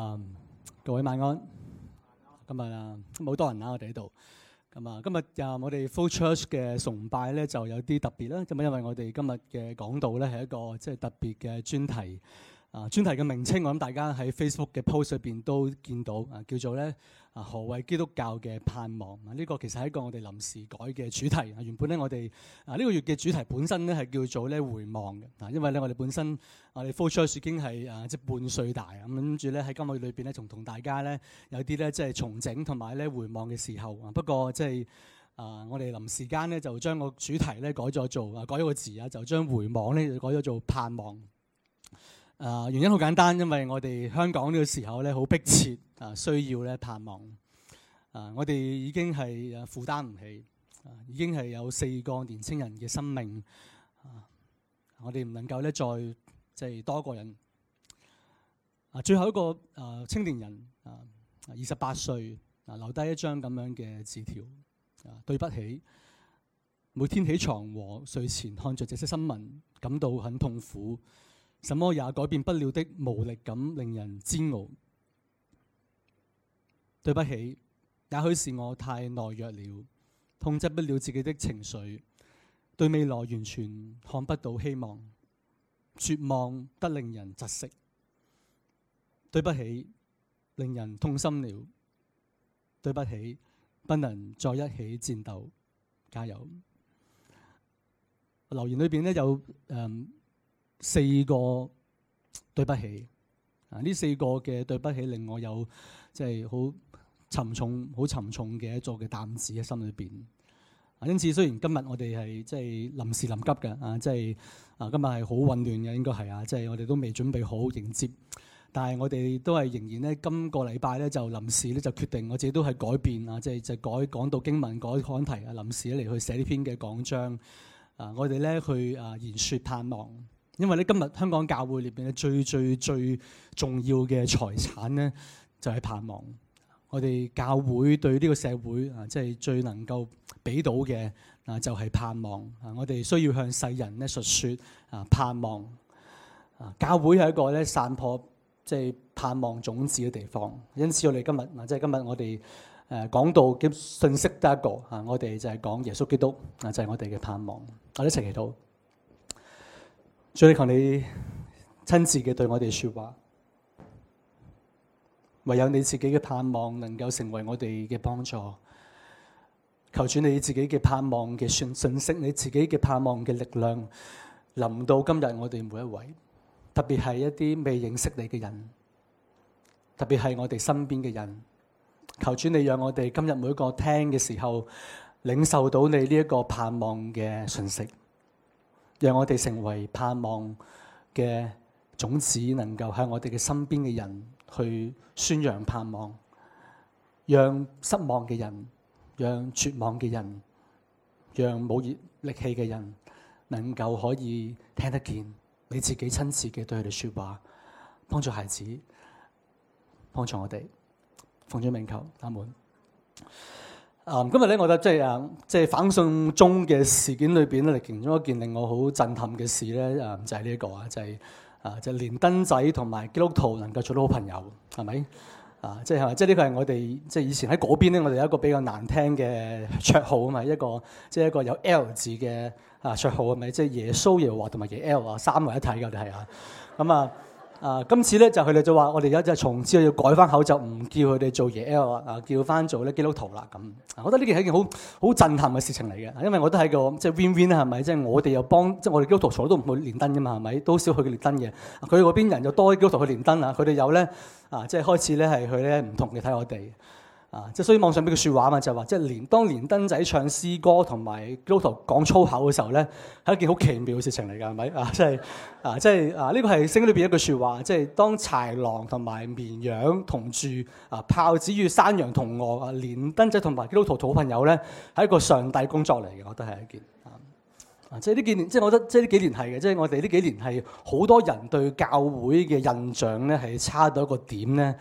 嗯，um, 各位晚安。今日啊，好多人啦，我哋喺度。咁啊，今日又我哋 flow church 嘅崇拜咧，就有啲特別啦。咁啊，因為我哋今日嘅講道咧，係一個即係特別嘅專題。啊，專題嘅名稱，我諗大家喺 Facebook 嘅 post 入邊都見到啊，叫做咧啊何謂基督教嘅盼望？啊，呢個其實係一個我哋臨時改嘅主題啊。原本咧，我哋啊呢個月嘅主題本身咧係叫做咧回望嘅啊，因為咧我哋本身我哋 flow church 已經係啊即係半歲大啊咁，跟住咧喺今個月裏邊咧，仲同，同大家咧有啲咧即係重整同埋咧回望嘅時候啊。不過即係啊，我哋臨時間咧就將個主題咧改咗做啊，改咗個字啊，就將回望咧改咗做盼望。啊，原因好簡單，因為我哋香港呢個時候咧好迫切啊，需要咧盼望啊，我哋已經係誒負擔唔起，已經係有四個年青人嘅生命啊，我哋唔能夠咧再即係多個人啊，最後一個啊青年人啊，二十八歲啊，留低一張咁樣嘅字條啊，對不起，每天起床和睡前看着這些新聞，感到很痛苦。什麼也改變不了的無力感，令人煎熬。對不起，也許是我太懦弱了，控制不了自己的情緒，對未來完全看不到希望，絕望得令人窒息。對不起，令人痛心了。對不起，不能再一起戰鬥。加油！留言裏邊呢，有、嗯四個對不起啊！呢四個嘅對不起令我有即係好沉重、好沉重嘅一座嘅擔子喺心裏邊啊。因此，雖然今日我哋係即係臨時臨急嘅啊，即係啊，今日係好混亂嘅，應該係啊，即係我哋都未準備好迎接，但係我哋都係仍然咧。今個禮拜咧就臨時咧就決定，我自己都係改變啊，即係即改講到經文改講題啊，臨時嚟去寫呢篇嘅講章啊。我哋咧去啊言説盼望。因為咧，今日香港教會裏邊嘅最最最重要嘅財產咧，就係盼望。我哋教會對呢個社會啊，即係最能夠俾到嘅啊，就係盼望啊。我哋需要向世人咧述説啊，盼望啊。教會係一個咧散播即係盼望種子嘅地方。因此我我，我哋今日啊，即係今日我哋誒講到嘅信息得一個啊，我哋就係講耶穌基督啊，就係、是、我哋嘅盼望。我哋一齊祈禱。最求你，你親自嘅對我哋說話，唯有你自己嘅盼望能夠成為我哋嘅幫助。求主你自己嘅盼望嘅信信息，你自己嘅盼望嘅力量，臨到今日我哋每一位，特別係一啲未認識你嘅人，特別係我哋身邊嘅人。求主你讓我哋今日每一個聽嘅時候，領受到你呢一個盼望嘅信息。讓我哋成為盼望嘅種子，能夠向我哋嘅身邊嘅人去宣揚盼望，讓失望嘅人，讓絕望嘅人，讓冇熱力氣嘅人，能夠可以聽得見你自己親自嘅對佢哋說話，幫助孩子，幫助我哋，奉主名求，阿門。啊，今日咧，我覺得即係啊，即係反送中嘅事件裏邊咧，歷見其中咗一件令我好震撼嘅事咧，就是這個就是，啊，就係呢一個啊，就係啊，就連登仔同埋基督徒能夠做到好朋友，係咪？啊，即係係咪？即係呢，這個係我哋即係以前喺嗰邊咧，我哋有一個比較難聽嘅綽號啊嘛，一個即係一個有 L 字嘅啊綽號係咪？即係耶穌、耶和華同埋耶和 L 啊三為一體㗎，我哋係啊，咁啊。啊！今次咧就佢哋就話：我哋而家就係從此要改翻口就唔叫佢哋做嘢喎！啊，叫翻做咧基督徒啦咁、啊。我覺得呢件係一件好好震撼嘅事情嚟嘅，因為我都喺個即係 win win 啦，係咪？即係、就是、我哋又幫即係我哋基督徒坐都唔會連登噶嘛，係、啊、咪？都少去嘅連登嘅。佢嗰邊人又多啲基督徒去連登啊！佢哋有咧啊，即係開始咧係去咧唔同嘅睇我哋。啊！即係所以網上俾佢説話啊嘛，就係話即係連當連登仔唱詩歌同埋基督徒講粗口嘅時候咧，係一件好奇妙嘅事情嚟㗎，係咪、就是、啊？即、就、係、是、啊！即係啊！呢個係聖經裏邊一句説話，即、就、係、是、當豺狼同埋綿羊同住啊，豹子與山羊同臥啊，連登仔同埋基督徒好朋友咧，係一個上帝工作嚟嘅。我覺得係一件。啊！即係呢幾年，即係我覺得，即係呢幾年係嘅，即係我哋呢幾年係好多人對教會嘅印象咧，係差到一個點咧，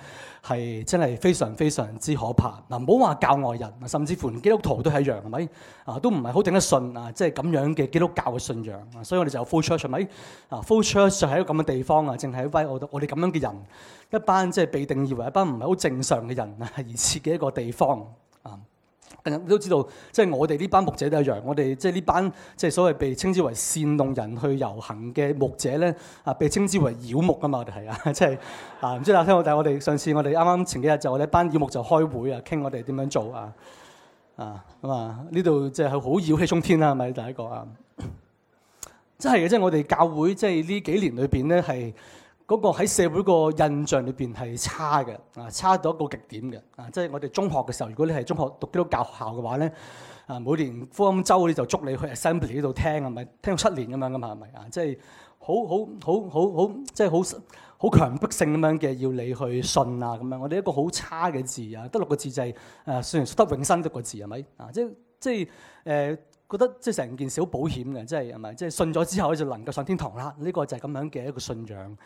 係真係非常非常之可怕。嗱，唔好話教外人，甚至乎基督徒都係一樣，係咪？啊，都唔係好頂得順啊！即係咁樣嘅基督教嘅信仰，所以我哋就有 flow church，係咪？啊，flow church 就係一個咁嘅地方啊，淨係為我哋，我哋咁樣嘅人，一班即係被定義為一班唔係好正常嘅人啊，而設嘅一個地方。都知道，即係我哋呢班牧者都係一樣，我哋即係呢班即係所謂被稱之為煽動人去遊行嘅牧者咧，啊，被稱之為妖牧啊嘛，我哋係啊，即係啊，唔知大家聽唔聽到？但係我哋上次我哋啱啱前幾日就我哋班妖牧就開會啊，傾我哋點樣做啊啊咁啊，呢度即係好妖氣沖天啦，係咪第一個啊？即係即係我哋教會即係呢幾年裏邊咧係。嗰個喺社會個印象裏邊係差嘅，啊差到一個極點嘅，啊即係我哋中學嘅時候，如果你係中學讀基督教學校嘅話咧，啊每年福音週嗰就捉你去 assembly 度聽係咪，聽到七年咁樣㗎嘛係咪啊？即係好好好好好，即係好好強迫性咁樣嘅要你去信啊咁樣。我、啊、哋一個好差嘅字啊，得六個字就係、是、誒，雖然得永生得個字係咪啊？即即係誒、呃，覺得即係成件事好保險嘅，即係係咪？即係信咗之後咧，就能夠上天堂啦。呢、這個就係咁樣嘅一個信仰。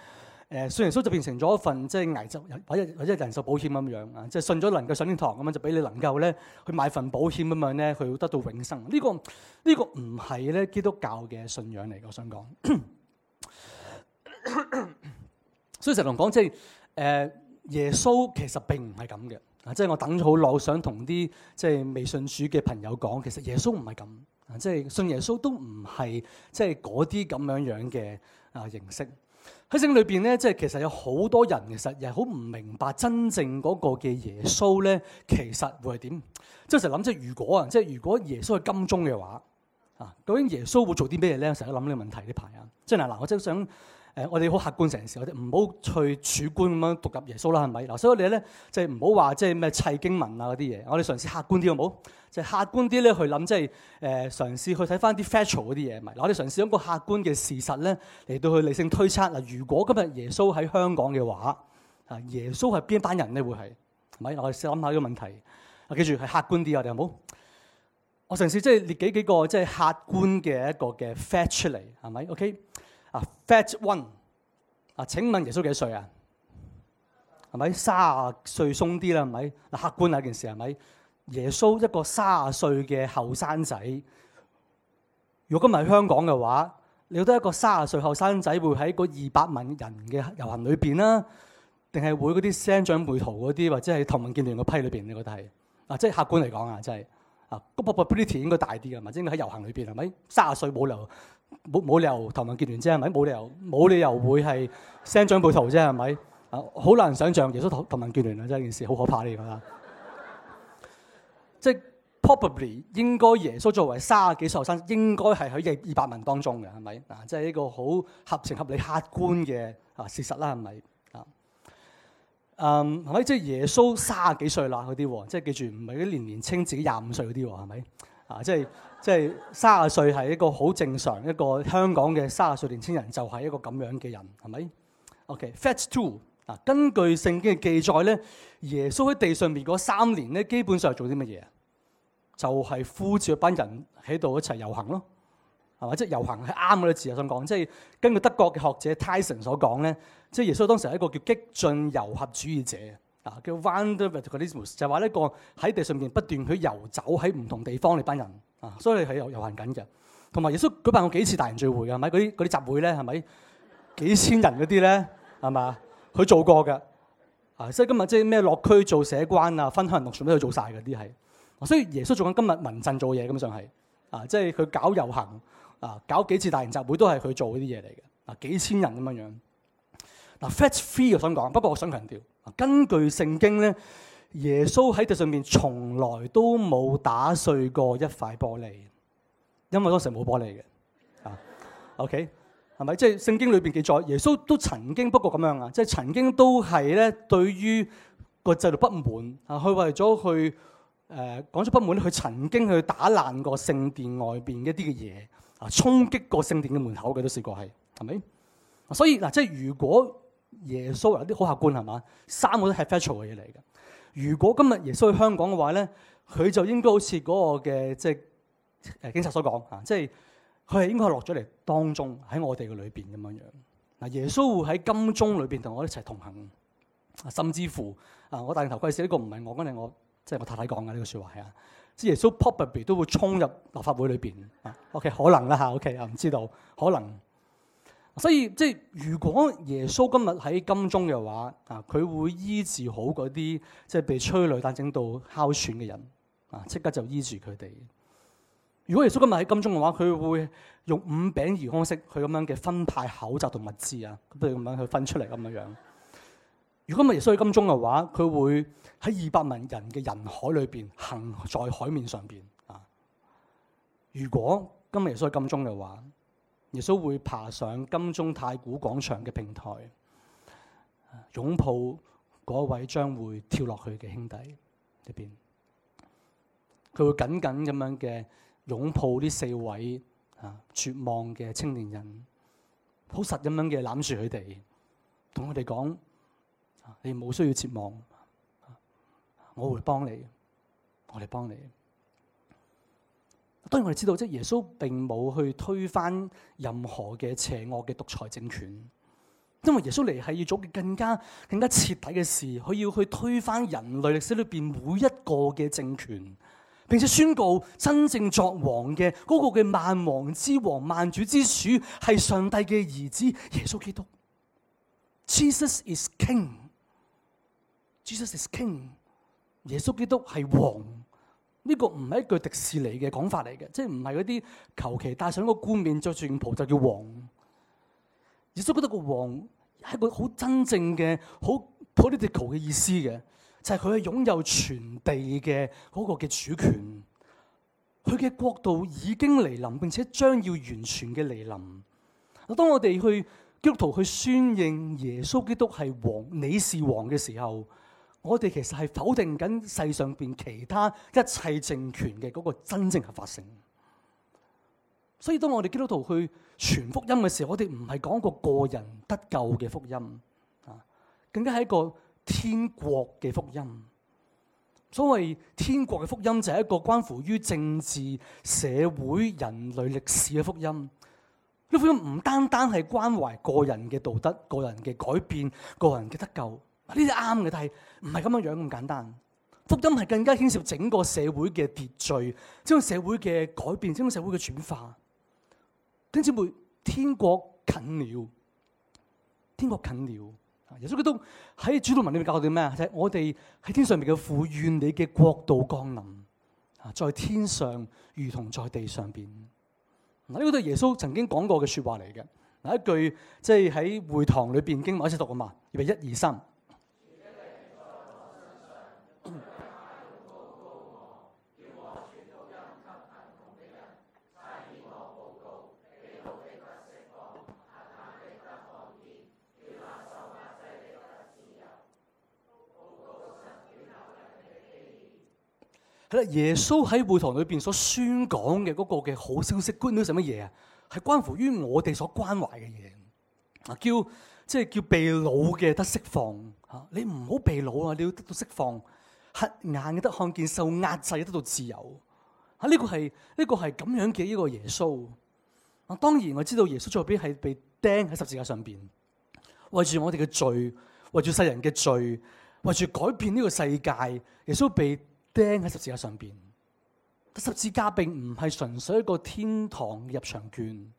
誒信耶穌就變成咗一份即係、就是、危疾或者或者人壽保險咁樣啊，即、就、係、是、信咗能夠上天堂咁樣就俾你能夠咧去買份保險咁樣咧，佢會得到永生。呢、這個呢、這個唔係咧基督教嘅信仰嚟噶，我想講。 所以成日講即係誒耶穌其實並唔係咁嘅啊！即、就、係、是、我等咗好耐，想同啲即係未信主嘅朋友講，其實耶穌唔係咁啊！即、就、係、是、信耶穌都唔係即係嗰啲咁樣樣嘅啊形式。喺聖經裏邊咧，即係其實有好多人，其實亦好唔明白真正嗰個嘅耶穌咧，其實會係點？即係成日諗，即係如果啊，即係如果耶穌係金鐘嘅話，啊，究竟耶穌會做啲咩咧？成日諗呢個問題呢排啊，即係嗱嗱，我即係想。誒、呃，我哋好客觀成件事，我哋唔好去主觀咁樣讀入耶穌啦，係咪？嗱，所以我哋咧就係唔好話即係咩砌經文啊、嗰啲嘢，我哋嘗試客觀啲好唔好？就係客觀啲咧去諗，即係誒嘗試去睇翻啲 factual 嗰啲嘢，係咪？嗱，我哋嘗試用個客觀嘅事實咧嚟到去理性推測。嗱、呃，如果今日耶穌喺香港嘅話，啊，耶穌係邊一班人咧會，係咪？我哋諗下呢個問題。記住係客觀啲我哋好。好？我嘗試即係列幾幾個即係客觀嘅一個嘅 fact 出嚟，係咪？OK。啊 Fact One，啊，請問耶穌幾多歲啊？係咪卅歲鬆啲啦？係咪？嗱，客觀啊，件事係咪？耶穌一個卅歲嘅後生仔，如果今日喺香港嘅話，你覺得一個卅歲後生仔會喺嗰二百萬人嘅遊行裏邊啦，定係會嗰啲 send 長輩圖嗰啲，或者係同民建聯個批裏邊？你覺得係？嗱，即係客觀嚟講啊，真係。啊，probability 應該大啲嘅，係咪？應該喺遊行裏邊係咪？三十歲冇理由，冇冇理由，同民建聯啫係咪？冇理由冇理由會係 send 張報圖啫係咪？啊，好難想像耶穌同同民建聯啊，真係件事好可怕呢個啦。 即係 probably 應該耶穌作為三十幾歲後生，應該係喺二百萬當中嘅係咪？嗱，即係一個好合情合理、客觀嘅啊事實啦係咪？嗯，係咪、um, 即係耶穌卅幾歲啦？嗰啲喎，即係記住唔係啲年年青自己廿五歲嗰啲喎，係咪？啊，即係即係卅歲係一個好正常一個香港嘅卅歲年青人就係一個咁樣嘅人，係咪 OK、okay. Fact two，嗱、啊，根據聖經嘅記載咧，耶穌喺地上面嗰三年咧，基本上係做啲乜嘢啊？就係呼召班人喺度一齊遊行咯。係嘛？即係遊行係啱嗰啲字啊！我想講，即係根據德國嘅學者 Tyson 所講咧，即係耶穌當時係一個叫激進遊合主義者啊，叫 Wanderers，就話呢一個喺地上面不斷去遊走喺唔同地方你班人啊，所以你係遊遊行緊嘅。同埋耶穌舉辦過幾次大型聚會嘅，係咪嗰啲啲集會咧？係咪幾千人嗰啲咧？係嘛？佢做過嘅啊，所以今日即係咩落區做社關啊、分享人落船都佢做晒嘅啲係。所以耶穌做緊今日民陣做嘢，根本上係啊，即係佢搞遊行。啊！搞幾次大型集會都係佢做嗰啲嘢嚟嘅啊，幾千人咁樣樣嗱。Flash three 又想講，不過我想強調，根據聖經咧，耶穌喺地上面從來都冇打碎過一塊玻璃，因為當時冇玻璃嘅啊。OK 係咪？即係聖經裏邊記載，耶穌都曾經不過咁樣啊，即係曾經都係咧對於個制度不滿啊，為去為咗去誒講出不滿，佢曾經去打爛過聖殿外邊一啲嘅嘢。啊！衝擊過聖殿嘅門口嘅都試過係，係咪？所以嗱、啊，即係如果耶穌啊，啲好客觀係嘛？三個都係 factual 嘅嘢嚟嘅。如果今日耶穌去香港嘅話咧，佢就應該好似嗰個嘅即係、呃、警察所講啊，即係佢係應該係落咗嚟當中喺我哋嘅裏邊咁樣樣。嗱、啊，耶穌會喺金鐘裏邊同我一齊同行、啊。甚至乎啊，我戴頭盔時呢個唔係我，嗰陣我即係我太太講嘅呢個説話係啊。知耶穌 property 都會衝入立法會裏邊啊？OK，可能啦嚇，OK 啊，唔知道可能。所以即係如果耶穌今日喺金鐘嘅話啊，佢會醫治好嗰啲即係被催淚彈整到哮喘嘅人啊，即刻就醫治佢哋。如果耶穌今日喺金鐘嘅話，佢會用五餅二魚式佢咁樣嘅分派口罩同物資啊，不如咁樣去分出嚟咁樣樣。如果唔係耶穌喺金鐘嘅話，佢會喺二百萬人嘅人海裏邊行在海面上邊啊！如果今日耶穌喺金鐘嘅話，耶穌會爬上金鐘太古廣場嘅平台，擁抱嗰位將會跳落去嘅兄弟一邊，佢會緊緊咁樣嘅擁抱呢四位啊絕望嘅青年人，好實咁樣嘅攬住佢哋，同佢哋講。你冇需要絕望，我會幫你，我嚟幫你。當然我哋知道，即係耶穌並冇去推翻任何嘅邪惡嘅獨裁政權，因為耶穌嚟係要做更加更加徹底嘅事，佢要去推翻人類歷史裏邊每一個嘅政權，並且宣告真正作王嘅嗰個嘅萬王之王、萬主之主係上帝嘅兒子耶穌基督。Jesus is King。Jesus is King，耶穌基督係王。呢個唔係一句迪士尼嘅講法嚟嘅，即係唔係嗰啲求其戴上個冠冕着住件袍就叫王。耶穌基督個王係個好真正嘅、好 political 嘅意思嘅，就係佢係擁有全地嘅嗰個嘅主權。佢嘅國度已經嚟臨，並且將要完全嘅嚟臨。當我哋去基督徒去宣認耶穌基督係王，你是王嘅時候，我哋其實係否定緊世上邊其他一切政權嘅嗰個真正合法性。所以當我哋基督徒去傳福音嘅時候，我哋唔係講個個人得救嘅福音，啊，更加係一個天國嘅福音。所謂天國嘅福音就係一個關乎於政治、社會、人類歷史嘅福音。呢福音唔單單係關懷個人嘅道德、個人嘅改變、個人嘅得救，呢啲啱嘅，但係。唔係咁樣樣咁簡單，福音係更加牽涉整個社會嘅秩序，整個社會嘅改變，整個社會嘅轉化。丁姊妹，天國近了，天國近了。耶穌佢都喺《主禱文》裏面教我哋咩啊？就係、是、我哋喺天上邊嘅父，願，你嘅國度降臨，啊，在天上如同在地上邊。嗱、這、呢個都係耶穌曾經講過嘅說話嚟嘅。嗱，一句即係喺會堂裏邊經文，我先讀，啊嘛，要二一、二三。耶穌喺會堂裏邊所宣講嘅嗰個嘅好消息，關乎啲乜嘢啊？係關乎於我哋所關懷嘅嘢，啊，叫即係叫被擄嘅得釋放，吓，你唔好被擄啊！你要得到釋放，瞎眼嘅得看見，受壓制得到自由，吓、這、呢個係呢、呢個係咁樣嘅呢、呢個耶穌。啊，當然我知道耶穌最尾係被釘喺十字架上邊，為住我哋嘅罪，為住世人嘅罪，為住改變呢個世界，耶穌被。釘喺十字架上邊，但十字架並唔係純粹一個天堂入場券，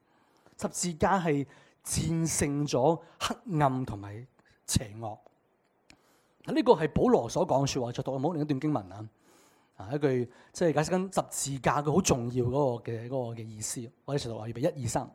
十字架係戰勝咗黑暗同埋邪惡。呢個係保羅所講說話，就讀我冇另一段經文啊，啊一句即係解釋緊十字架佢好重要個嘅個嘅意思。我哋讀要二一二三。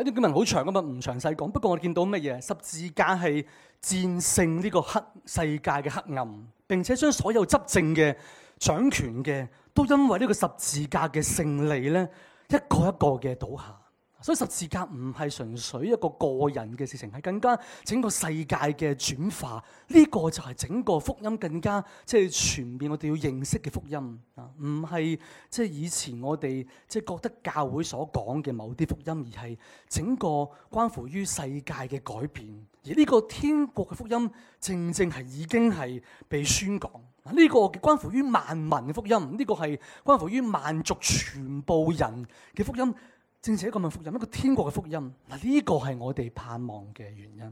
一啲經文好長噶嘛，唔詳細講。不過我哋見到乜嘢，十字架係戰勝呢個黑世界嘅黑暗，並且將所有執政嘅掌權嘅都因為呢個十字架嘅勝利咧，一個一個嘅倒下。所以十字架唔係純粹一個個人嘅事情，係更加整個世界嘅轉化。呢個就係整個福音更加即係全面，我哋要認識嘅福音啊！唔係即係以前我哋即係覺得教會所講嘅某啲福音，而係整個關乎於世界嘅改變。而呢個天國嘅福音，正正係已經係被宣講。呢個關乎於萬民嘅福音，呢個係關乎於萬族全部人嘅福音。正是一個福音，一個天國嘅福音。嗱，呢個係我哋盼望嘅原因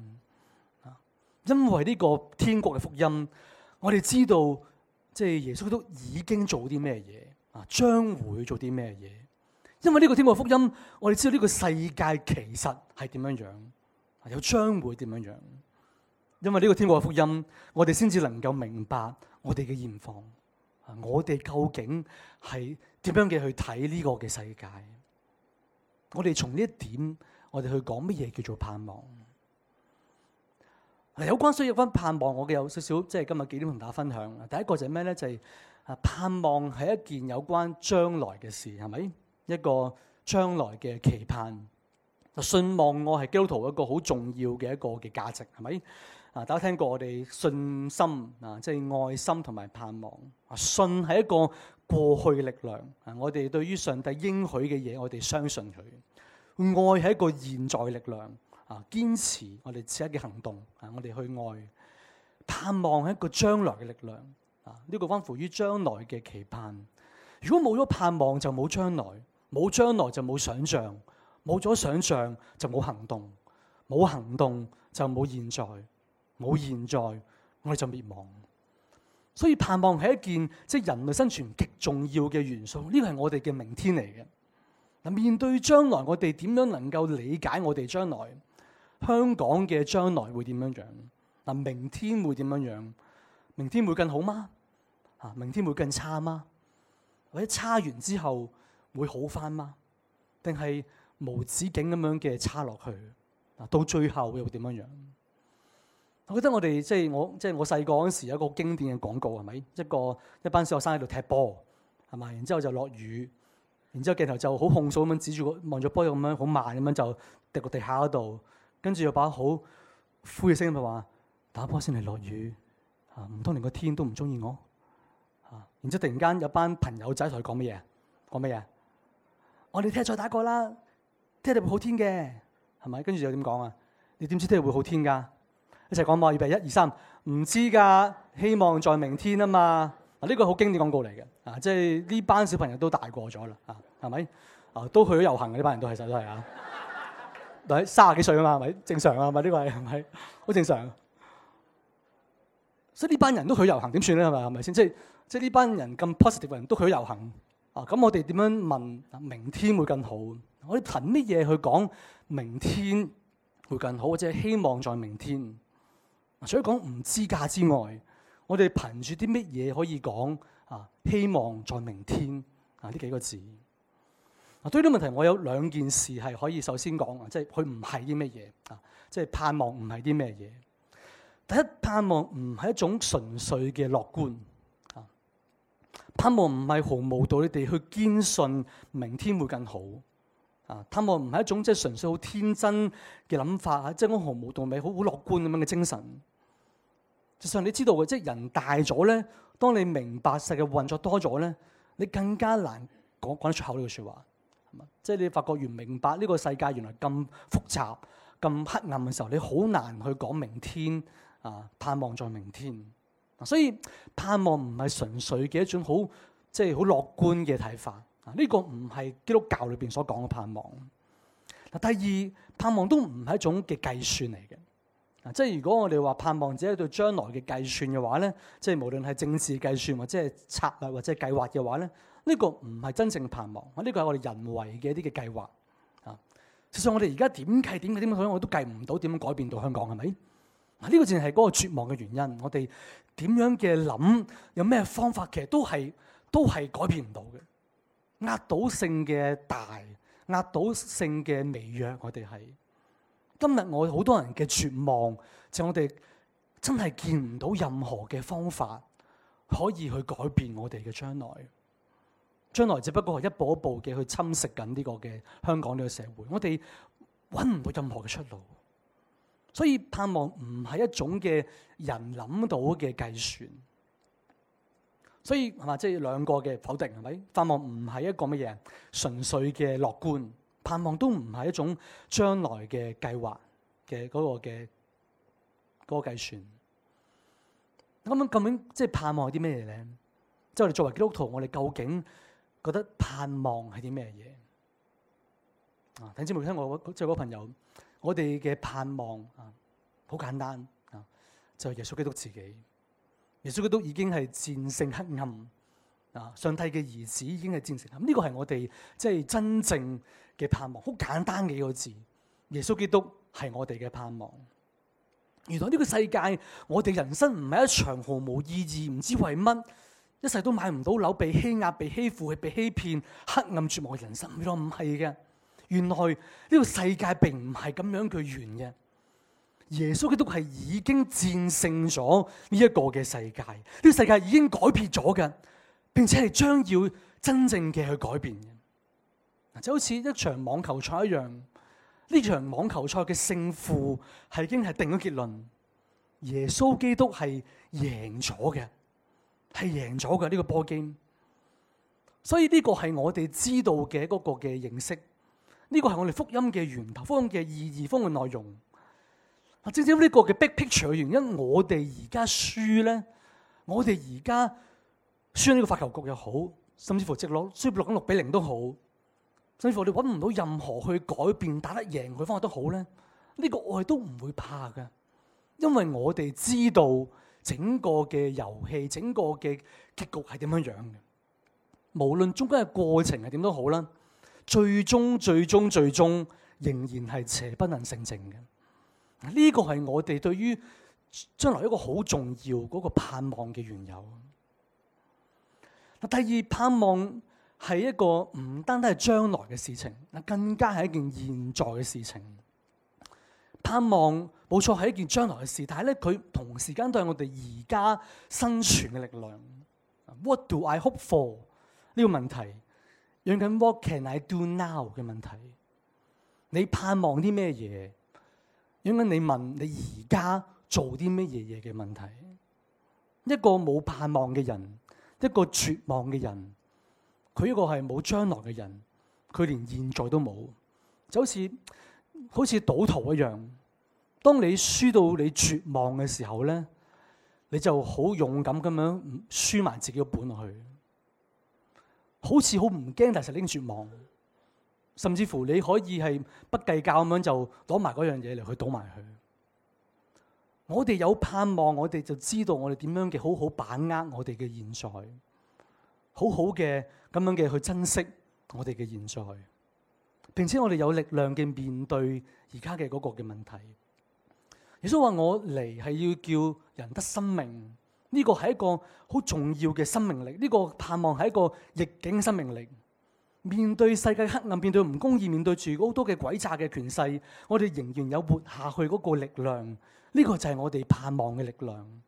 啊。因為呢個天國嘅福音，我哋知道即係耶穌都已經做啲咩嘢啊，將會做啲咩嘢？因為呢個天國嘅福音，我哋知道呢個世界其實係點樣樣，又將會點樣樣，因為呢個天國嘅福音，我哋先至能夠明白我哋嘅現況，啊，我哋究竟係點樣嘅去睇呢個嘅世界？我哋從呢一點，我哋去講乜嘢叫做盼望？有關相關盼望，我嘅有少少即係今日幾點同大家分享啦。第一個就係咩咧？就係啊，盼望係一件有關將來嘅事，係咪一個將來嘅期盼？信望愛係基督徒一個好重要嘅一個嘅價值，係咪？啊，大家聽過我哋信心啊，即係愛心同埋盼望啊，信係一個過去嘅力量，我哋對於上帝應許嘅嘢，我哋相信佢。愛係一個現在嘅力量，啊，堅持我哋此刻嘅行動，啊，我哋去愛。盼望係一個將來嘅力量，啊，呢個關乎於將來嘅期盼。如果冇咗盼望，就冇將來；冇將來就冇想像；冇咗想像就冇行動；冇行動就冇現在；冇現在我哋就滅亡。所以盼望係一件即係人類生存極重要嘅元素，呢個係我哋嘅明天嚟嘅。嗱，面對將來，我哋點樣能夠理解我哋將來香港嘅將來會點樣樣？嗱，明天會點樣樣？明天會更好嗎？啊，明天會更差嗎？或者差完之後會好翻嗎？定係無止境咁樣嘅差落去？嗱，到最後又會點樣樣？我覺得我哋即係我即係我細個嗰陣時有一個好經典嘅廣告係咪？一個一班小學生喺度踢波係咪？然之後就落雨，然之後鏡頭就好控訴咁樣指住個望住波咁樣，好慢咁樣就滴個地下嗰度，跟住又把好灰嘅聲音就話打波先嚟落雨嚇，啊，唔通連個天都唔中意我嚇、啊？然之後突然間有班朋友仔同佢講乜嘢？講乜嘢？我哋聽日再打過啦，聽日會好天嘅係咪？跟住又點講啊？你點知聽日會好天㗎？一齊講啊！二、比一、二、三，唔知㗎。希望在明天啊嘛！啊，呢個好經典廣告嚟嘅啊，即係呢班小朋友都大過咗啦啊，係咪啊？都去咗遊行嘅呢班人都係實都係啊！嚟三十幾歲啊嘛，係咪正常啊？咪呢個係咪好正常？所以呢班人都去遊行點算咧？係咪係咪先？即係即係呢班人咁 positive 嘅人都去咗遊行啊！咁我哋點樣問明天會更好？我哋憑乜嘢去講明天會更好，或者希望在明天？除咗講唔知價之外，我哋憑住啲乜嘢可以講啊？希望在明天啊！呢幾個字啊，對於呢個問題，我有兩件事係可以首先講啊，即係佢唔係啲乜嘢啊，即係盼望唔係啲咩嘢。第一，盼望唔係一種純粹嘅樂觀啊，盼望唔係毫無道理地去堅信明天會更好啊。盼望唔係一種即係純粹好天真嘅諗法啊，即係我毫無道理好好樂觀咁樣嘅精神。事實上你知道嘅，即係人大咗咧，當你明白世界運作多咗咧，你更加難講講得出口呢句説話，係嘛？即係你發覺越明白呢個世界原來咁複雜、咁黑暗嘅時候，你好難去講明天啊，盼望在明天。所以盼望唔係純粹嘅一種好，即係好樂觀嘅睇法。啊，呢個唔係基督教裏邊所講嘅盼望。嗱，第二，盼望都唔係一種嘅計算嚟嘅。即係如果我哋話盼望只係對將來嘅計算嘅話咧，即係無論係政治計算或者係策略或者係計劃嘅話咧，呢、這個唔係真正盼望，這個、我呢個係我哋人為嘅一啲嘅計劃。啊，就算我哋而家點計點計點樣，我都計唔到點樣改變到香港係咪？嗱，呢、這個淨係嗰個絕望嘅原因。我哋點樣嘅諗，有咩方法，其實都係都係改變唔到嘅。壓倒性嘅大，壓倒性嘅微弱，我哋係。今日我好多人嘅絕望，就我哋真係見唔到任何嘅方法可以去改變我哋嘅將來。將來只不過係一步一步嘅去侵蝕緊呢個嘅香港呢個社會，我哋搵唔到任何嘅出路。所以盼望唔係一種嘅人諗到嘅計算。所以係咪，即係、就是、兩個嘅否定，係咪？盼望唔係一個乜嘢純粹嘅樂觀。盼望都唔係一種將來嘅計劃嘅嗰、那個嘅、那個計算。咁樣究竟即係盼望係啲咩嘢咧？即、就、係、是、我哋作為基督徒，我哋究竟覺得盼望係啲咩嘢？啊，等姊妹聽我即係嗰個朋友，我哋嘅盼望啊，好簡單啊，就係、是、耶穌基督自己。耶穌基督已經係戰勝黑暗。上帝嘅兒子已經係戰勝啦，咁、這、呢個係我哋即係真正嘅盼望。好簡單嘅一個字，耶穌基督係我哋嘅盼望。原來呢個世界，我哋人生唔係一場毫無意義、唔知為乜，一世都買唔到樓、被欺壓、被欺負、係被欺騙、黑暗絕望嘅人生。原來唔係嘅，原來呢、這個世界並唔係咁樣佢完嘅。耶穌基督係已經戰勝咗呢一個嘅世界，呢、這個世界已經改變咗嘅。並且係將要真正嘅去改變嘅，就好似一場網球賽一樣。呢場網球賽嘅勝負係已經係定咗結論，耶穌基督係贏咗嘅，係贏咗嘅呢個波 game。所以呢個係我哋知道嘅嗰個嘅認識，呢個係我哋福音嘅源頭、福音嘅意義、福音嘅內容。啊，正正呢個嘅 big picture 嘅原因，我哋而家輸咧，我哋而家。輸呢個發球局又好，甚至乎直落輸六點六比零都好，甚至乎你哋揾唔到任何去改變打得贏佢嘅方法都好咧，呢、這個我哋都唔會怕嘅，因為我哋知道整個嘅遊戲、整個嘅結局係點樣樣嘅。無論中間嘅過程係點都好啦，最終、最終、最終仍然係邪不能勝正嘅。呢個係我哋對於將來一個好重要嗰個盼望嘅緣由。第二，盼望係一個唔單單係將來嘅事情，更加係一件現在嘅事情。盼望冇錯係一件將來嘅事，但係咧，佢同時間都係我哋而家生存嘅力量。What do I hope for？呢個問題，問緊 What can I do now 嘅問題。你盼望啲咩嘢？因為你問你而家做啲咩嘢嘢嘅問題。一個冇盼望嘅人。一個絕望嘅人，佢呢個係冇將來嘅人，佢連現在都冇，就好似好似賭徒一樣。當你輸到你絕望嘅時候咧，你就好勇敢咁樣輸埋自己嘅本落去，好似好唔驚，但係實已經絕望。甚至乎你可以係不計較咁樣就攞埋嗰樣嘢嚟，去賭埋佢。我哋有盼望，我哋就知道我哋點樣嘅好好把握我哋嘅現在，好好嘅咁樣嘅去珍惜我哋嘅現在，並且我哋有力量嘅面對而家嘅嗰個嘅問題。耶穌話我嚟係要叫人得生命，呢個係一個好重要嘅生命力。呢個盼望係一個逆境生命力。面對世界黑暗，面對唔公義，面對住好多嘅詭詐嘅權勢，我哋仍然有活下去嗰個力量。呢、這個就係我哋盼望嘅力量。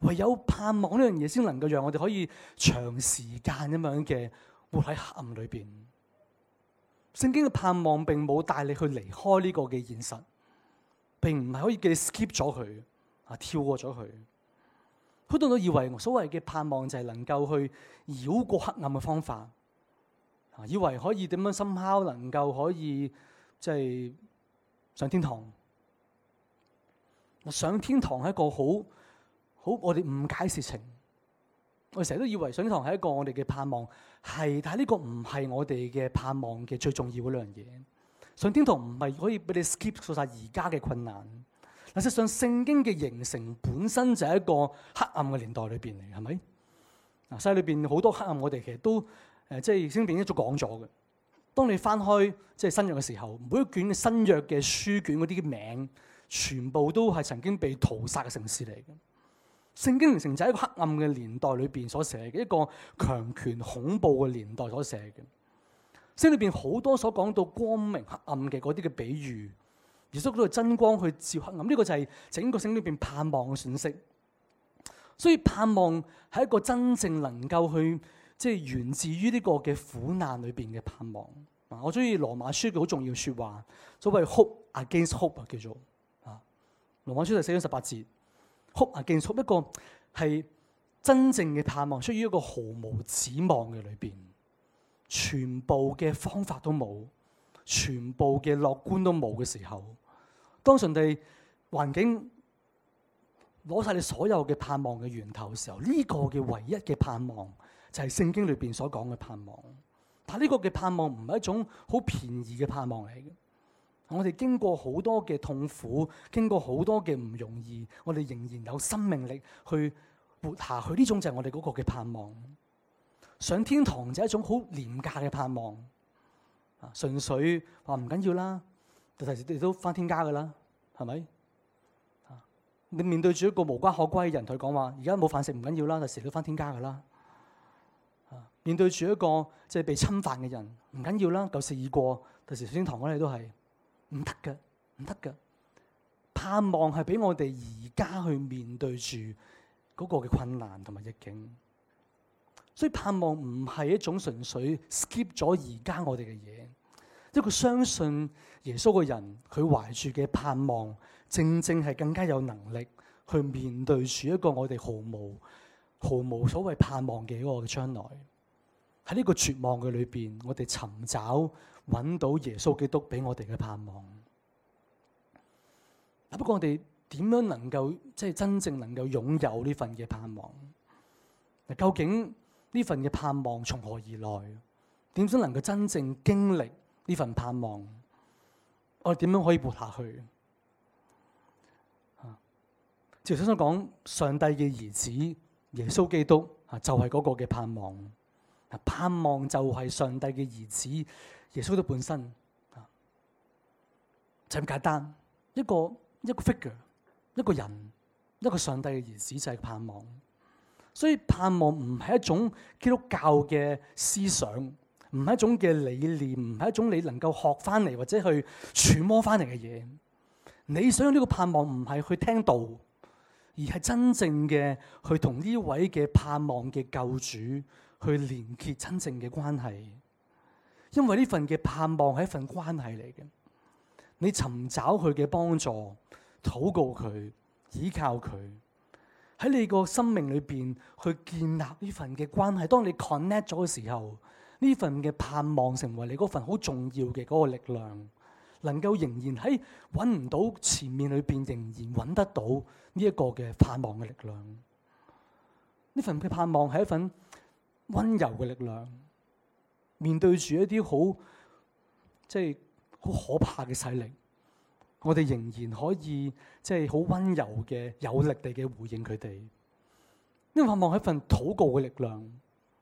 唯有盼望呢樣嘢，先能夠讓我哋可以長時間咁樣嘅活喺黑暗裏邊。聖經嘅盼望，並冇帶你去離開呢個嘅現實，並唔係可以叫你 skip 咗佢啊，跳過咗佢。好多人都以為所謂嘅盼望，就係能夠去繞過黑暗嘅方法。以為可以點樣深烤，能夠可以即係、就是、上天堂。上天堂係一個好好我哋誤解事情。我哋成日都以為上天堂係一個我哋嘅盼望，係但係呢個唔係我哋嘅盼望嘅最重要嗰兩樣嘢。上天堂唔係可以俾你 skip 過晒而家嘅困難。但事實上，聖經嘅形成本身就係一個黑暗嘅年代裏邊嚟，係咪？嗱，世裏邊好多黑暗，我哋其實都。誒、啊，即係聖經裏邊一早講咗嘅。當你翻開即係新約嘅時候，每一卷新約嘅書卷嗰啲名，全部都係曾經被屠殺嘅城市嚟嘅。聖經能成就喺一個黑暗嘅年代裏邊所寫嘅，一個強權恐怖嘅年代所寫嘅。聖經裏邊好多所講到光明黑暗嘅嗰啲嘅比喻，耶穌都係真光去照黑暗，呢、這個就係整個聖經裏邊盼望嘅信息。所以盼望係一個真正能夠去。即係源自於呢個嘅苦難裏邊嘅盼望。我中意羅馬書嘅好重要説話，所謂 hope against hope 啊，叫做啊。羅馬書第四章十八節，hope 啊，against hope 一個係真正嘅盼望，出於一個毫無指望嘅裏邊，全部嘅方法都冇，全部嘅樂觀都冇嘅時候，當上帝環境攞晒你所有嘅盼望嘅源頭嘅時候，呢、這個嘅唯一嘅盼望。就係聖經裏邊所講嘅盼望，但係呢個嘅盼望唔係一種好便宜嘅盼望嚟嘅。我哋經過好多嘅痛苦，經過好多嘅唔容易，我哋仍然有生命力去活下去。呢種就係我哋嗰個嘅盼望。上天堂就係一種好廉價嘅盼望，啊，純粹話唔緊要啦，就第時你都翻天家㗎啦，係咪？你面對住一個無家可歸嘅人，佢講話：而家冇飯食唔緊要啦，第時都翻天家㗎啦。面對住一個即係被侵犯嘅人，唔緊要啦，舊事已過。第時宣堂嗰啲都係唔得嘅，唔得嘅。盼望係俾我哋而家去面對住嗰個嘅困難同埋逆境，所以盼望唔係一種純粹 skip 咗而家我哋嘅嘢，一個相信耶穌嘅人，佢懷住嘅盼望，正正係更加有能力去面對住一個我哋毫無毫無所謂盼望嘅一個嘅將來。喺呢個絕望嘅裏邊，我哋尋找揾到耶穌基督俾我哋嘅盼望。不過我哋點樣能夠即係真正能夠擁有呢份嘅盼望？究竟呢份嘅盼望從何而來？點先能夠真正經歷呢份盼望？我哋點樣可以活下去？啊，正如我想講上帝嘅兒子耶穌基督啊，就係嗰個嘅盼望。盼望就係上帝嘅兒子耶穌都本身，就咁簡單一個一個 figure 一個人一個上帝嘅兒子就係盼望。所以盼望唔係一種基督教嘅思想，唔係一種嘅理念，唔係一種你能夠學翻嚟或者去揣摩翻嚟嘅嘢。你想用呢個盼望唔係去聽道，而係真正嘅去同呢位嘅盼望嘅救主。去連結真正嘅關係，因為呢份嘅盼望係一份關係嚟嘅。你尋找佢嘅幫助，禱告佢，依靠佢，喺你個生命裏邊去建立呢份嘅關係。當你 connect 咗嘅時候，呢份嘅盼望成為你嗰份好重要嘅嗰個力量，能夠仍然喺揾唔到前面裏邊，仍然揾得到呢一個嘅盼望嘅力量。呢份嘅盼望係一份。溫柔嘅力量，面對住一啲好即係好可怕嘅勢力，我哋仍然可以即係好溫柔嘅有力地嘅回應佢哋。呢份盼望係一份禱告嘅力量，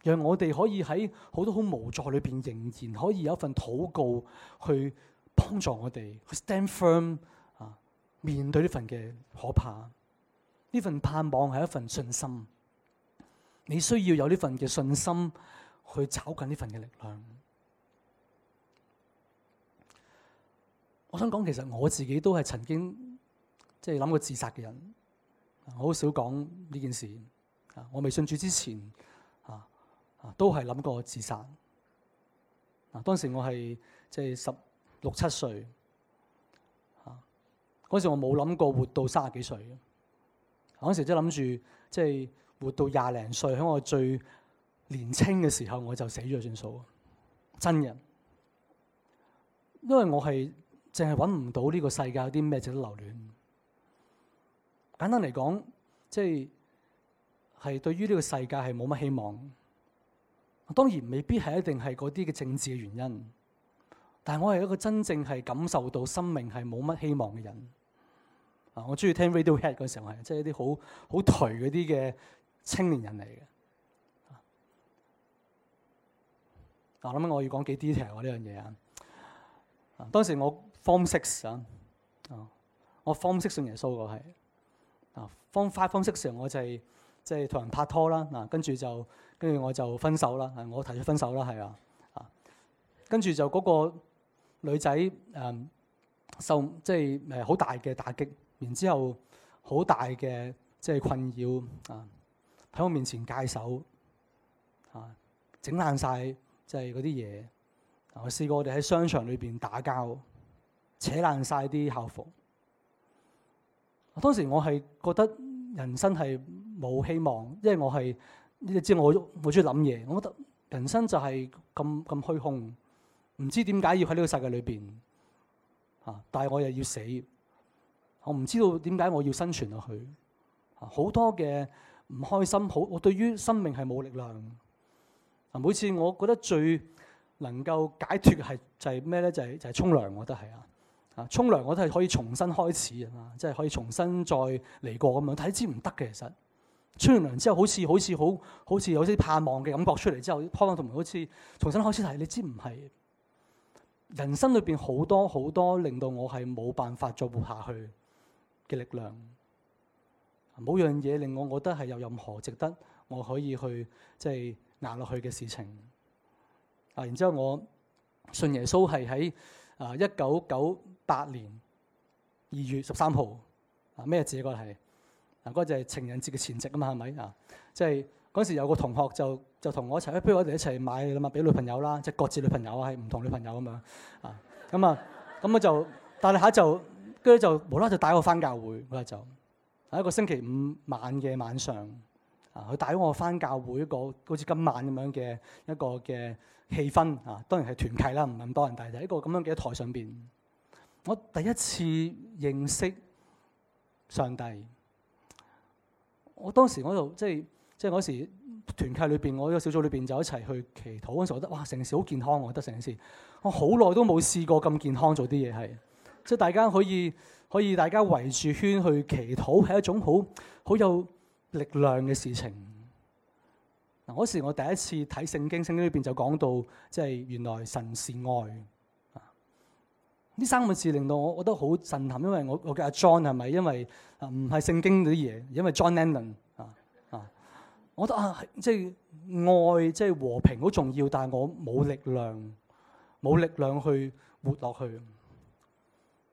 讓我哋可以喺好多好無助裏邊，仍然可以有一份禱告去幫助我哋去 stand firm 啊，面對呢份嘅可怕。呢份盼望係一份信心。你需要有呢份嘅信心去抓緊呢份嘅力量。我想講，其實我自己都係曾經即係諗過自殺嘅人。我好少講呢件事。我未信主之前啊，啊，都係諗過自殺。嗱、啊，當時我係即係十六七歲。嗰、就是啊、時我冇諗過活到三十幾歲。嗰、啊、時真諗住即係。就是活到廿零歲，喺我最年青嘅時候，我就死咗算數，真嘅。因為我係淨係揾唔到呢個世界有啲咩值得留戀。簡單嚟講，即係係對於呢個世界係冇乜希望。當然未必係一定係嗰啲嘅政治嘅原因，但係我係一個真正係感受到生命係冇乜希望嘅人。啊，我中意聽 Radiohead 嗰個時候係即係一啲好好頹嗰啲嘅。青年人嚟嘅，啊！我諗我要講幾 detail 喎，呢樣嘢啊！啊，當時我 form six 啊，啊，我 form six 信耶穌個係，啊，form five form six 我就係即係同人拍拖啦，嗱，跟住就跟住我就分手啦，我提出分手啦，係啊，啊，跟住就嗰個女仔誒、嗯、受即係誒好大嘅打擊，然之後好大嘅即係困擾啊。嗯喺我面前介手，啊，整爛晒即係嗰啲嘢。我試過我哋喺商場裏邊打交，扯爛晒啲校服。當時我係覺得人生係冇希望，因為我係你知我我中意諗嘢，我覺得人生就係咁咁虛空，唔知點解要喺呢個世界裏邊啊！但係我又要死，我唔知道點解我要生存落去。好多嘅。唔開心，好我對於生命係冇力量。啊，每次我覺得最能夠解脫嘅係就係咩咧？就係就係沖涼，我都係啊。啊，沖涼我都係可以重新開始啊，即係可以重新再嚟過咁樣。睇知唔得嘅其實，沖完涼之後好似好似好好似有啲盼望嘅感覺出嚟之後，開翻度門好似重新開始，睇你知唔係？人生裏邊好多好多令到我係冇辦法再活下去嘅力量。冇樣嘢令我覺得係有任何值得我可以去即係捱落去嘅事情。啊，然之後我信耶穌係喺啊一九九八年二月十三號啊，咩節個係啊，嗰就係情人節嘅前夕啊嘛，係咪啊？即係嗰時有個同學就就同我一齊，哎，譬如我哋一齊買禮物俾女朋友啦，即、就、係、係、各自女朋友係唔同女朋友咁樣啊。咁啊咁我就但係下就跟住就無啦就帶我翻教會，無就。喺一個星期五晚嘅晚上，啊，佢帶我返教會一個好似今晚咁樣嘅一個嘅氣氛啊，當然係團契啦，唔咁多人，但係喺一個咁樣嘅台上邊，我第一次認識上帝。我當時我度，即係即係嗰時團契裏邊，我呢個小組裏邊就一齊去祈禱嗰陣時，我覺得哇，成件事好健康，我覺得成件事，我好耐都冇試過咁健康做啲嘢係，即係大家可以。可以大家圍住圈去祈禱，係一種好好有力量嘅事情。嗱，嗰時我第一次睇聖經，聖經裏邊就講到，即係原來神是愛。啊，呢三個字令到我覺得好震撼，因為我我叫阿 John 係咪？因為唔係聖經啲嘢，因為 John Lennon，啊啊，我覺得啊，即係愛，即係和平好重要，但係我冇力量，冇力量去活落去。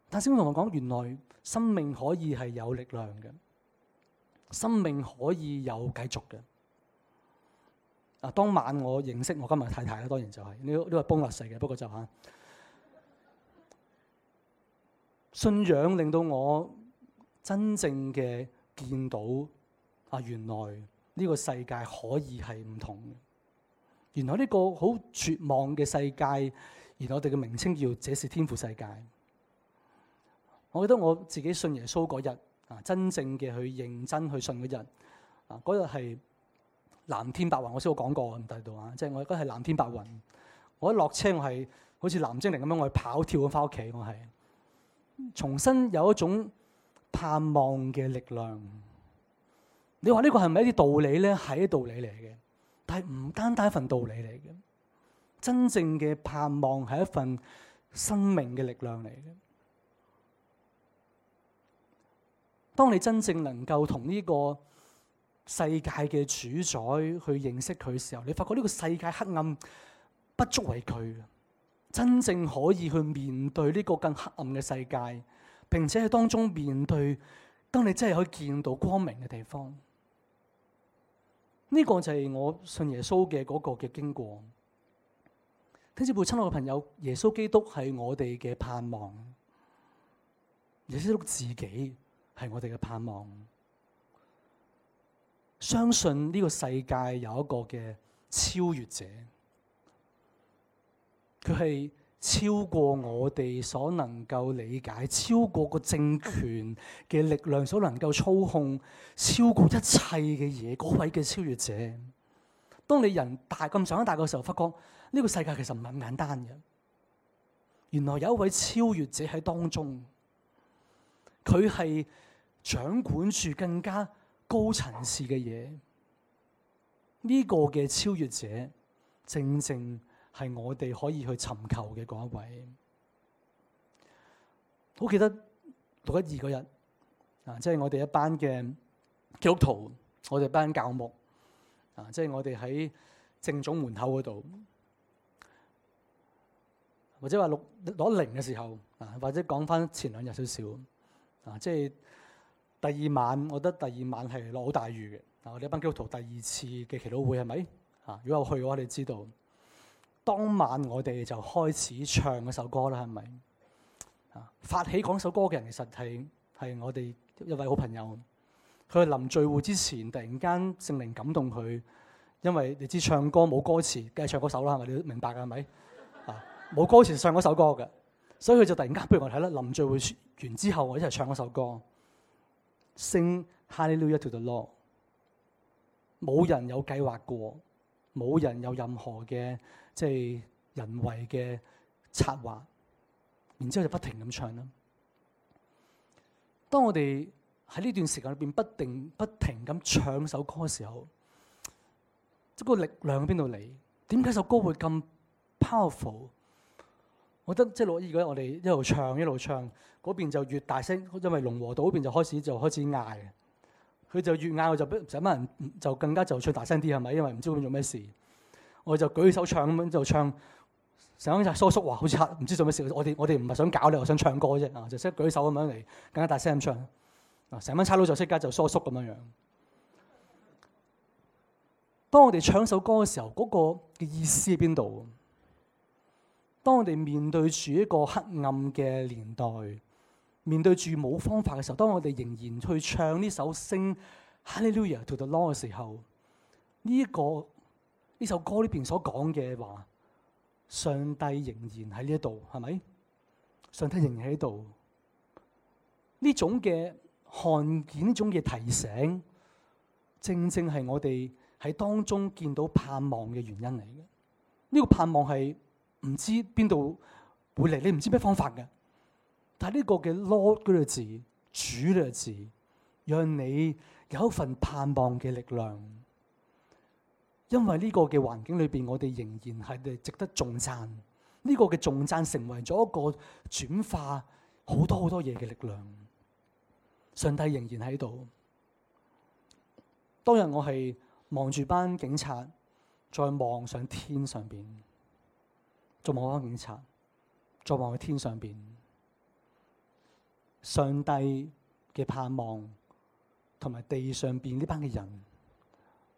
但師母同我講：原來生命可以係有力量嘅，生命可以有繼續嘅。啊，當晚我認識我今日太太啦，當然就係呢呢個崩落世世嘅。不過就嚇、是啊、信仰令到我真正嘅見到啊，原來呢個世界可以係唔同嘅。原來呢個好絕望嘅世界，而我哋嘅名稱叫這是天父世界。我覺得我自己信耶穌嗰日啊，真正嘅去認真去信嗰日啊，嗰日係藍天白雲，我先有講過唔大度啊！即係我嗰係藍天白雲，我一落車我係好似藍精靈咁樣，我係跑跳咁翻屋企，我係重新有一種盼望嘅力量。你話呢個係咪一啲道理咧？係一道理嚟嘅，但係唔單單一份道理嚟嘅，真正嘅盼望係一份生命嘅力量嚟嘅。當你真正能夠同呢個世界嘅主宰去認識佢嘅時候，你發覺呢個世界黑暗不足為懼，真正可以去面對呢個更黑暗嘅世界，並且喺當中面對，當你真係可以見到光明嘅地方，呢、這個就係我信耶穌嘅嗰個嘅經過。天使部親愛嘅朋友，耶穌基督係我哋嘅盼望，耶穌自己。係我哋嘅盼望，相信呢個世界有一個嘅超越者，佢係超過我哋所能夠理解，超過個政權嘅力量所能夠操控，超過一切嘅嘢。嗰位嘅超越者，當你人大咁長大嘅時候，發覺呢個世界其實唔係咁簡單嘅，原來有一位超越者喺當中，佢係。掌管住更加高層次嘅嘢，呢個嘅超越者，正正係我哋可以去尋求嘅嗰一位。好記得六一二嗰日啊，即係我哋一班嘅基督徒，我哋班教牧啊，即係我哋喺正總門口嗰度，或者話六攞零嘅時候啊，或者講返前兩日少少啊，即係。第二晚，我覺得第二晚係落好大雨嘅。嗱，我哋一班基督徒第二次嘅祈禱會係咪？啊，如果我去嘅話，你知道當晚我哋就開始唱嗰首歌啦，係咪啊？發起嗰首歌嘅人其實係係我哋一位好朋友。佢臨聚會之前，突然間聖靈感動佢，因為你知唱歌冇歌詞，梗係唱嗰首啦，係咪？你都明白嘅係咪？啊，冇歌詞唱嗰首歌嘅，所以佢就突然間俾我睇啦。臨聚會完之後，我一齊唱嗰首歌。Sing hallelujah to the Lord，冇人有計劃過，冇人有任何嘅即係人為嘅策劃，然之後就不停咁唱啦。當我哋喺呢段時間裏邊不定不停咁唱首歌嘅時候，即個力量喺邊度嚟？點解首歌會咁 powerful？我覺得即係如果我哋一路唱一路唱。嗰邊就越大聲，因為龍和道嗰邊就開始就開始嗌，佢就越嗌我就不使乜人就更加就唱大聲啲係咪？因為唔知嗰邊做咩事，我就舉手唱咁樣就唱，成班就疏疏話好似黑，唔知做咩事。我哋我哋唔係想搞你，我想唱歌啫、啊，就即舉手咁樣嚟更加大聲咁唱。嗱，成班差佬就即刻就疏疏咁樣樣。當我哋唱首歌嘅時候，嗰個嘅意思喺邊度？當我哋面對住一個黑暗嘅年代。面對住冇方法嘅時候，當我哋仍然去唱呢首聲 Hallelujah to the Lord 嘅時候，呢、這個呢首歌呢邊所講嘅話，上帝仍然喺呢一度，係咪？上帝仍然喺度。呢種嘅看見，呢種嘅提醒，正正係我哋喺當中見到盼望嘅原因嚟嘅。呢、這個盼望係唔知邊度會嚟，你唔知咩方法嘅。但係呢個嘅 Lord 嗰個字、主呢個字，讓你有一份盼望嘅力量。因為呢個嘅環境裏邊，我哋仍然係值得重讚。呢、這個嘅重讚成為咗一個轉化好多好多嘢嘅力量。上帝仍然喺度。當日我係望住班警察，再望上天上邊，再望翻警察，再望去天上邊。上帝嘅盼望同埋地上邊呢班嘅人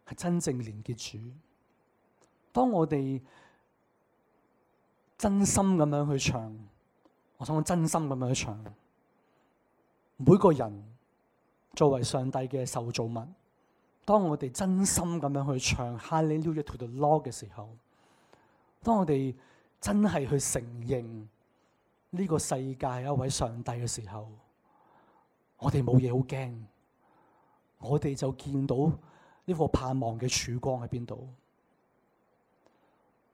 係真正連結住。當我哋真心咁樣去唱，我想講真心咁樣去唱。每個人作為上帝嘅受造物，當我哋真心咁樣去唱《Hallelujah to the Lord》嘅時候，當我哋真係去承認。呢個世界一位上帝嘅時候，我哋冇嘢好驚，我哋就見到呢個盼望嘅曙光喺邊度？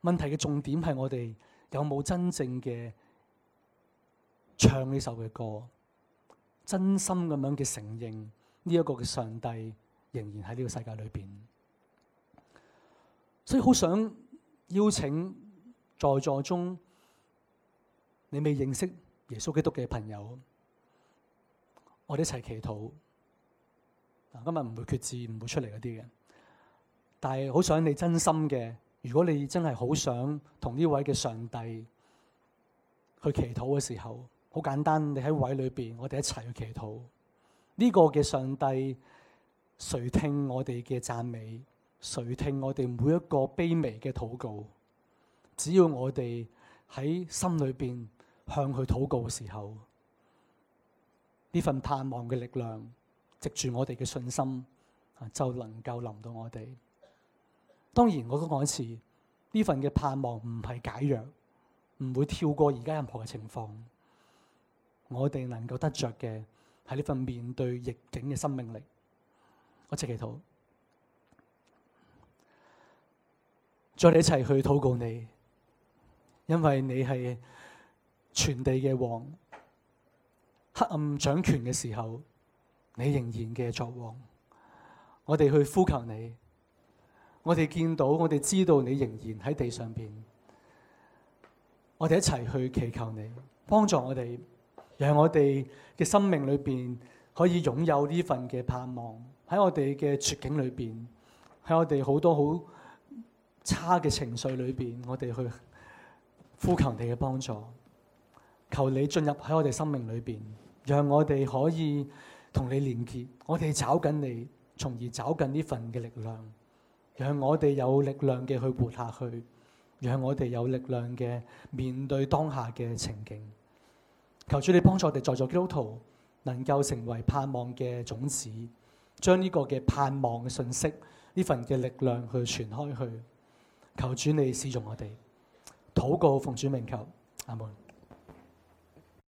問題嘅重點係我哋有冇真正嘅唱呢首嘅歌，真心咁樣嘅承認呢一個嘅上帝仍然喺呢個世界裏面。所以好想邀請在座中。你未認識耶穌基督嘅朋友，我哋一齊祈禱。今日唔會決志，唔會出嚟嗰啲嘅。但係好想你真心嘅，如果你真係好想同呢位嘅上帝去祈禱嘅時候，好簡單，你喺位裏邊，我哋一齊去祈禱。呢個嘅上帝，誰聽我哋嘅讚美，誰聽我哋每一個卑微嘅禱告？只要我哋喺心裏邊。向佢禱告嘅時候，呢份盼望嘅力量，藉住我哋嘅信心啊，就能夠臨到我哋。當然，我都講一次，呢份嘅盼望唔係解藥，唔會跳過而家任何嘅情況。我哋能夠得着嘅係呢份面對逆境嘅生命力。我祈祈禱，再你一齊去禱告你，因為你係。全地嘅王，黑暗掌權嘅時候，你仍然嘅作王。我哋去呼求你，我哋見到，我哋知道你仍然喺地上邊。我哋一齊去祈求你幫助我哋，又係我哋嘅生命裏邊可以擁有呢份嘅盼望。喺我哋嘅絕境裏邊，喺我哋好多好差嘅情緒裏邊，我哋去呼求你嘅幫助。求你進入喺我哋生命裏邊，讓我哋可以同你連結，我哋找緊你，從而找緊呢份嘅力量，讓我哋有力量嘅去活下去，讓我哋有力量嘅面對當下嘅情景。求主你幫助我哋在座基督徒能夠成為盼望嘅種子，將呢個嘅盼望嘅信息，呢份嘅力量去傳開去。求主你使用我哋，禱告奉主名求，阿門。